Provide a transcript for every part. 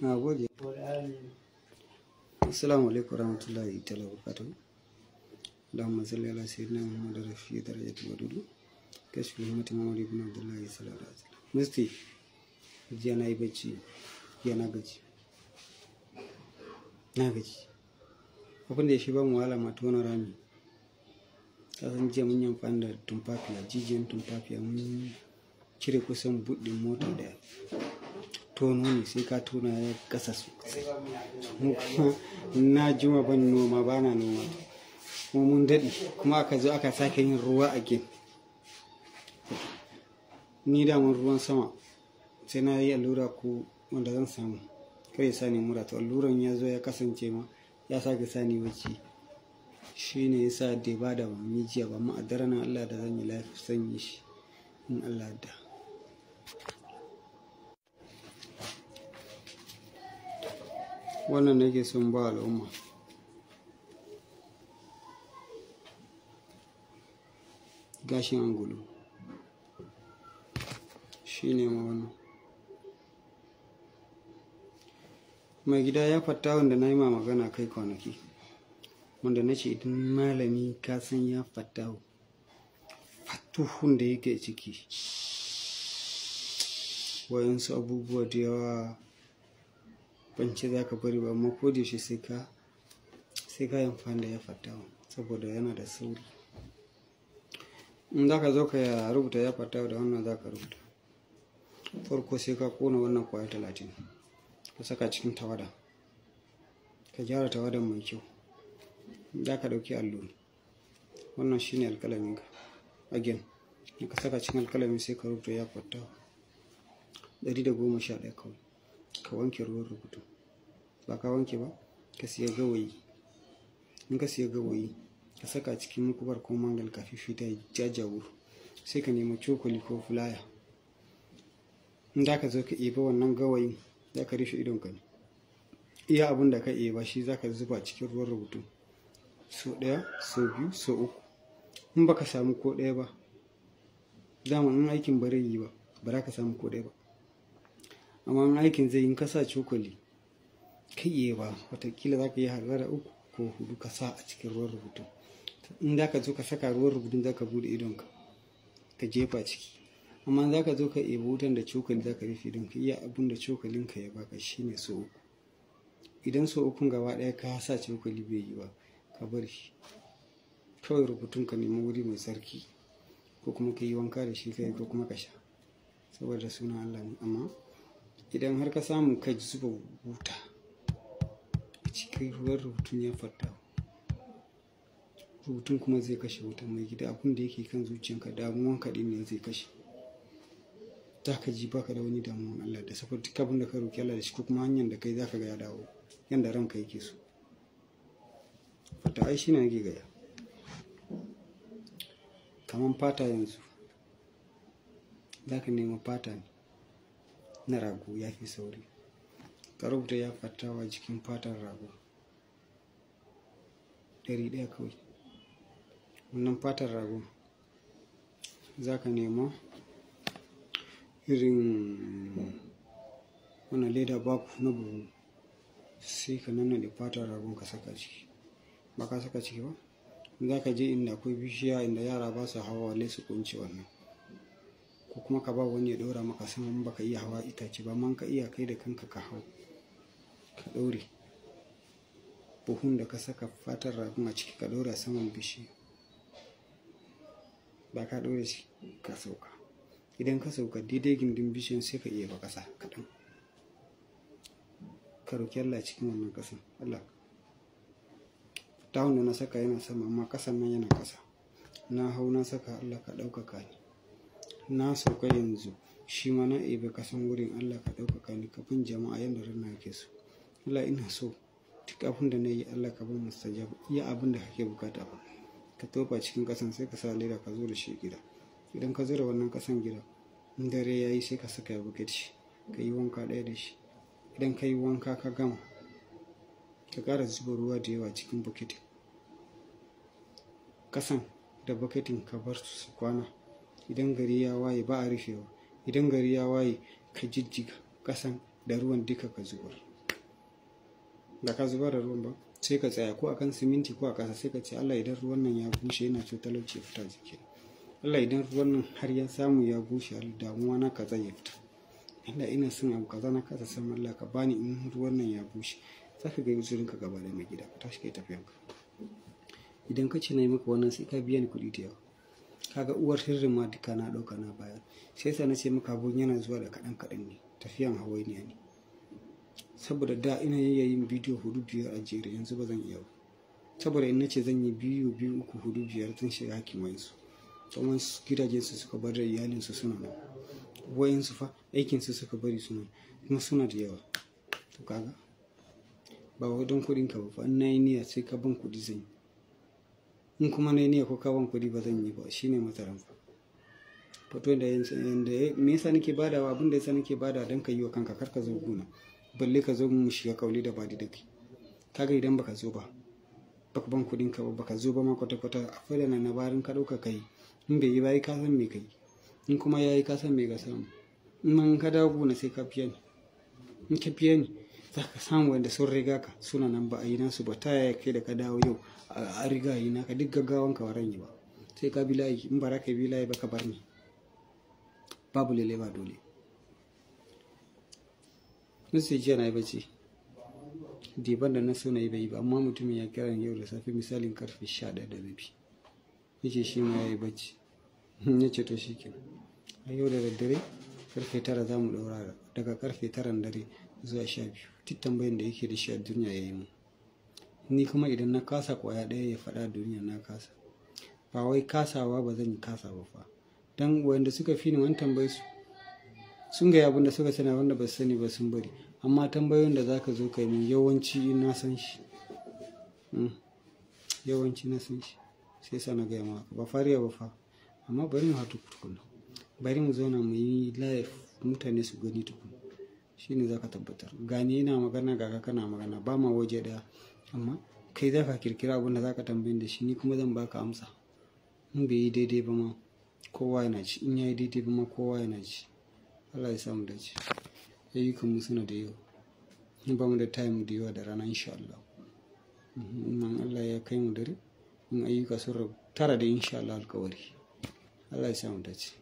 na gode assalamu alaikum warahmatullahi jiya na yi bacci jiya na gaji na gaji abin da ya shi ban wahala ma tona rami kasan jiya mun yi amfani da tumfafiya jijiyan tumfafiya mun cire kusan buɗin mota daya tono ne sai ka tona ya kasa su na juma ban noma ba na noma kuma mun daɗe kuma aka zo aka sake yin ruwa a gin ni damun ruwan sama sai na yi allura ku wanda zan samu kai sa ni mura to alluran ya zo ya kasance ma ya sake sa ni wacce shi ne ya sa da ba da ba jiya ba ma'adara na allah da zan yi lafi sanyi shi in allah da wannan nake son ba al'umma gashin angulu shi ne mai gida ya fata wanda na yi ma magana kai kwanaki wanda na ce idan malami ka san ya fata fatuhun da yake ciki wayansu abubuwa da yawa bance za ka bari ba amma ko shi sai ka sai ka yi amfani da ya fata saboda yana da sauri in za ka zo ka rubuta ya fata da wannan za ka rubuta farko sai ka kona wannan kwaya talatin ka saka cikin tawada ka gyara tawadan mai kyau za ka ɗauki allo wannan shine alkalamin ka again ka saka cikin alkalamin sai ka rubuta ya fata 111 kawai ka wanke ruwan rubutu ba ka wanke ba ka siya gawayi in ka siya gawayi ka saka cikin mukubar ko mangal kafin fita jajawur sai ka nemi cokali ko fulaya in da ka zo ka ɗeba wannan gawayin za ka rufe ka ne iya abin da ka ɗeba shi za ka zuba cikin ruwan rubutu so ɗaya so biyu so uku in ka samu ko ɗaya ba mu in aikin bare yi ba ba za ka samu ko ɗaya ba amma aikin zai yi kasa cokali kai yi eh ba watakila za ka yi harba uku ko hudu ka a cikin ruwan rubutu in za ka zo ka saka ruwan rubutun za ka bude idonka ka jefa ciki amma za ka zo ka ebo wutan da cokali za ka rufe idon ka iya abin da cokalinka ya baka shi ne so uku idan so ukun gaba daya ka sa cokali bai yi ba ka bar shi kawai rubutun ka nemi wuri mai sarki ko kuma ka yi wanka da shi kai ko kuma ka sha saboda sunan Allah amma idan har ka samu ka zuba buta a cikin ruwan rubutun ya fata rubutun kuma zai kashe wuta mai gida abin da yake kan zuciyanka damuwan ka ne zai kashe za ka ji baka da wani damuwan Allah da saboda duk abin da ka roki Allah da shi ko kuma hanyar da kai za ka ga ya dawo yadda ranka yake so fata ai shi ne nake gaya kaman fata yanzu za ka nemi fata ne na rago ya fi sauri ka rubuta ya fatawa jikin fatan rago ɗari ɗaya kawai wannan fatan rago za ka nema irin wannan leda baku na buhu sai ka da fatan ragon ka saka ciki ba ka saka ciki ba za ka je inda akwai bishiya inda yara ba su hawa su kunci wannan ko kuma ka ba wani ya ɗora maka sama in baka iya hawa itace ba man ka iya kai da kanka ka hau ka daure buhun da ka saka fatar rafin a ciki ka ɗora saman bishi ba ka daure shi ka sauka idan ka sauka daidai gindin bishiyan sai ka iya ba kasa kaɗan ka roki Allah cikin wannan kasan Allah tawon na saka yana sama amma kasan nan yana ƙasa na hau na saka Allah ka ɗaukaka ni na sauka yanzu shi ma na ebe kasan wurin Allah ka ɗaukaka ni kafin jama'a yadda rana ke su Allah ina so duk abin da na yi Allah ka bin mustajab iya abin da kake bukata ba ka tofa cikin kasan sai ka sa leda ka zo da shi gida idan ka zo da wannan kasan gida in dare ya yi sai ka saka ya buga shi ka yi wanka ɗaya da shi idan ka yi wanka ka gama ka ƙara zuba ruwa da yawa cikin bukitin kasan da bukitin ka bar su kwana idan gari ya waye ba a rufewa idan gari ya waye ka jijjiga kasan da ruwan duka ka zubar da ka zubar da ruwan ba sai ka tsaya ko akan siminti ko a kasa sai ka ce Allah idan ruwan nan ya bushe yana ce talauci ya fita jiki Allah idan ruwan nan har ya samu ya bushe har damuwa na kaza ya fita ina son abu kaza na kasa san Allah ka bani in ruwan nan ya bushe za ka ga ka gaba da mai gida ka tashi kai tafiyanka idan ka ce na yi maka wannan sai ka biya ni kuɗi da yawa kaga uwar sirrin ma duka na ɗauka na baya. sai sa na ce maka abun yana zuwa da kaɗan kaɗan ne tafiyan hawainiya ne saboda da ina yin bidiyo hudu biyar a jere yanzu ba zan iya ba saboda in nace zan yi biyu biyu uku hudu biyar zan shiga hakimai su tsohon gidajen su suka bar da iyalin su suna nan wayan su fa aikin su suka bari suna kuma suna da yawa to kaga ba wai don kudin ka ba fa in nayi niyya sai ka ban kuɗi zan yi in kuma ne ne ko kaban kuɗi ba zan yi ba shi shine matsalan fito da yin yanda me yasa nake wa abin da yasa nake bada don ka yi wa kanka kar ka zo guna balle ka zo mu shiga kauli da badi dake ga idan baka zo ba baka ban kuɗin ka ba baka zo ba ma kwata kwata akwai da na barin ka ɗauka kai in bai yi ba ka san me kai in kuma yi ka san me ka samu in man ka dawo guna sai ka fiye ni in ka fiye ni za ka samu wanda sun riga ka suna nan ba a yi nasu ba ta yaya kai da ka dawo yau a riga yi naka duk gaggawan ka waran yi ba sai ka bi layi in ba ka bi layi ba ka bar ni babu lele ba dole sai jiya na yi bacci diban da na so na yi bai ba amma mutumin ya kira yau da safe misalin karfe sha da rabi yace shi ma ya yi bacci ya ce to shi kenan a yau da daddare karfe tara za mu daura daga karfe taran dare zuwa sha biyu duk tambayin da yake da shi a duniya ya yi mu ni kuma idan na kasa kwaya ɗaya ya faɗa duniya na kasa ba wai kasawa ba zan yi kasa ba fa dan wanda suka fi ni wani tambayi su sun gaya abin da suka sani wanda ba su sani ba sun bari amma tambayoyin da zaka zo kai min yawanci na san shi hmm. yawanci na san shi sai sa na gaya ma ba fariya ba fa amma bari mu hatu tukuna bari mu zauna mu yi live mutane su gani tukuna shine za ka tabbatar gani yana magana ga ka kana magana ba ma waje daya amma kai za ka kirkira abin da za ka tambayin da shi ni kuma zan baka amsa in bai yi daidai ba ma kowa yana ci in ya yi daidai ba ma kowa yana ci Allah ya samu ci ayyukan mu suna da yau in ba mu da time da yawa da rana insha Allah mhm, in Allah ya kai mu dare in ayyuka sun rabu tara da insha Allah alkawari Allah ya samu ci.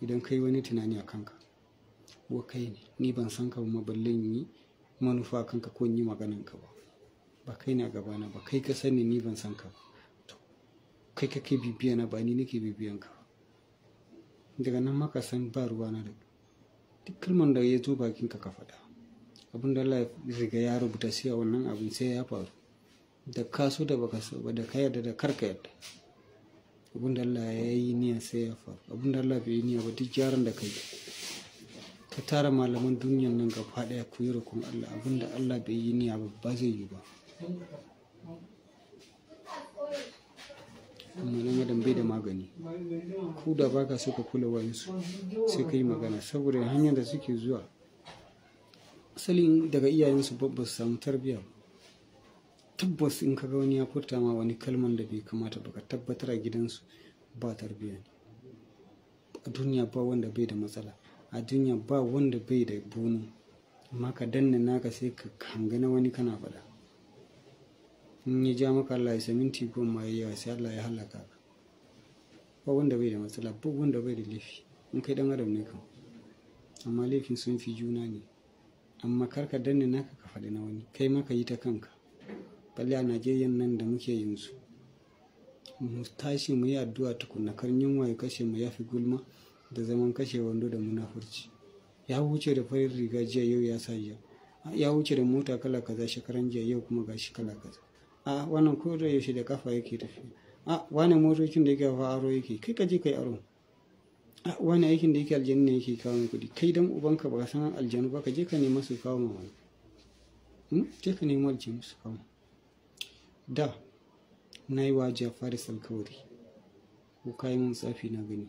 idan kai wani tunani a kanka kai ne ni ban san ka ba balle yi manufa kanka ko yi maganan ka ba ba kai na gaba na ba kai ka sani ni ban san ka ba kai kai ke bibiya na ba ni nake bibiyan ka daga nan maka san ba ruwa na da duk kalman da ya zo bakin ka ka faɗa abin da Allah ya riga ya rubuta sai wannan abin sai ya faru da ka so da baka so ba da ka yarda da karka yarda abin da Allah ya yi niyya sai ya faru abin da Allah bai yi niyya ba duk jarin da kai ka tara malaman duniyan nan ga daya ku yi roƙon Allah abinda Allah bai yi niyya ba zai yi ba amma na bai da magani ku da baka so ka kula wa wayansu sai ka yi magana saboda hanyar da suke zuwa asalin daga iyayensu ba su samu tarbiyya tabbas in kaga wani ya furta ma wani kalman da bai kamata ba ka tabbatar a gidansu ba tarbiyya ne a duniya ba wanda bai da matsala a duniya ba wanda bai da bunu amma ka danna naka sai ka hanga na wani kana faɗa in ya ja maka Allah ya saminti goma ya yawa sai Allah ya halaka ka ba wanda bai da matsala ba wanda bai da laifi in kai dan adam ne kan amma laifin sun fi juna ne amma kar ka danne naka ka faɗi na wani kai ma ka yi ta kanka balle a najeriya nan da muke yin su. mu tashi mu yi addu'a tukunna kar yunwa ya kashe mu yafi gulma da zaman kashe wando da munafurci ya wuce da farin riga jiya yau ya sa jiya ya wuce da mota kala kaza shekaran jiya yau kuma gashi kala kaza a wannan ko da yaushe da kafa yake tafi a wani motocin da yake hawa aro yake kai ka je kai aro a wani aikin da yake aljanu ne yake kawo kuɗi kai dan ubanka ba san aljanu ba ka je ka nema su kawo ma wani hmm? je ka nema aljanu su kawo da na yi wa jafari salkawari ko kayan tsafi na gani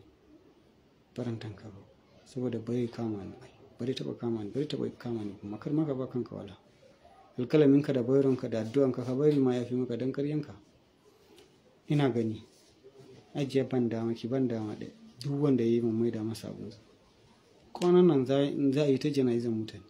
farantan ka ba saboda bari kama ni bari taba kama ni bari taba kama ni kuma kar ma ka ba kanka wala alkalamin ka da bayron ka da addu'an ka ka bari ma yafi maka dan karyan ka ina gani ajiya ban dama ki ban dama da duk wanda yayi mun maida masa abu kwanan nan za a yi ta jana'izan mutane